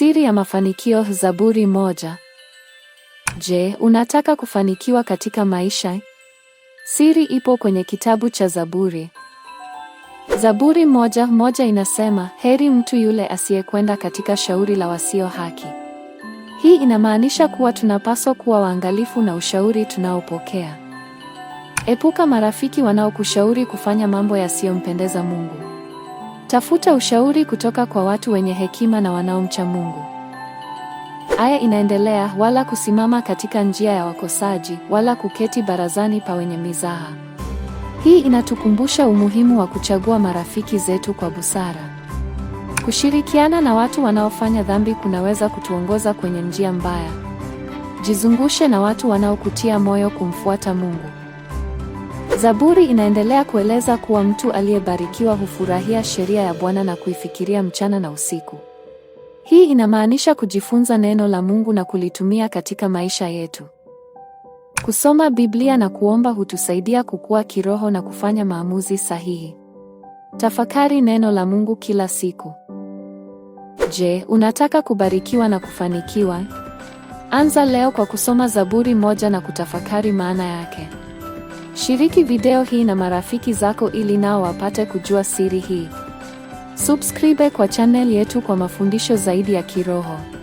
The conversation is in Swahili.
Siri ya mafanikio, Zaburi moja. Je, unataka kufanikiwa katika maisha? Siri ipo kwenye kitabu cha Zaburi. Zaburi moja moja inasema, heri mtu yule asiyekwenda katika shauri la wasio haki. Hii inamaanisha kuwa tunapaswa kuwa waangalifu na ushauri tunaopokea. Epuka marafiki wanaokushauri kufanya mambo yasiyompendeza Mungu. Tafuta ushauri kutoka kwa watu wenye hekima na wanaomcha Mungu. Aya inaendelea, wala kusimama katika njia ya wakosaji, wala kuketi barazani pa wenye mizaha. Hii inatukumbusha umuhimu wa kuchagua marafiki zetu kwa busara. Kushirikiana na watu wanaofanya dhambi kunaweza kutuongoza kwenye njia mbaya. Jizungushe na watu wanaokutia moyo kumfuata Mungu. Zaburi inaendelea kueleza kuwa mtu aliyebarikiwa hufurahia sheria ya Bwana na kuifikiria mchana na usiku. Hii inamaanisha kujifunza neno la Mungu na kulitumia katika maisha yetu. Kusoma Biblia na kuomba hutusaidia kukua kiroho na kufanya maamuzi sahihi. Tafakari neno la Mungu kila siku. Je, unataka kubarikiwa na kufanikiwa? Anza leo kwa kusoma Zaburi moja na kutafakari maana yake. Shiriki video hii na marafiki zako ili nao wapate kujua siri hii. Subscribe kwa channel yetu kwa mafundisho zaidi ya kiroho.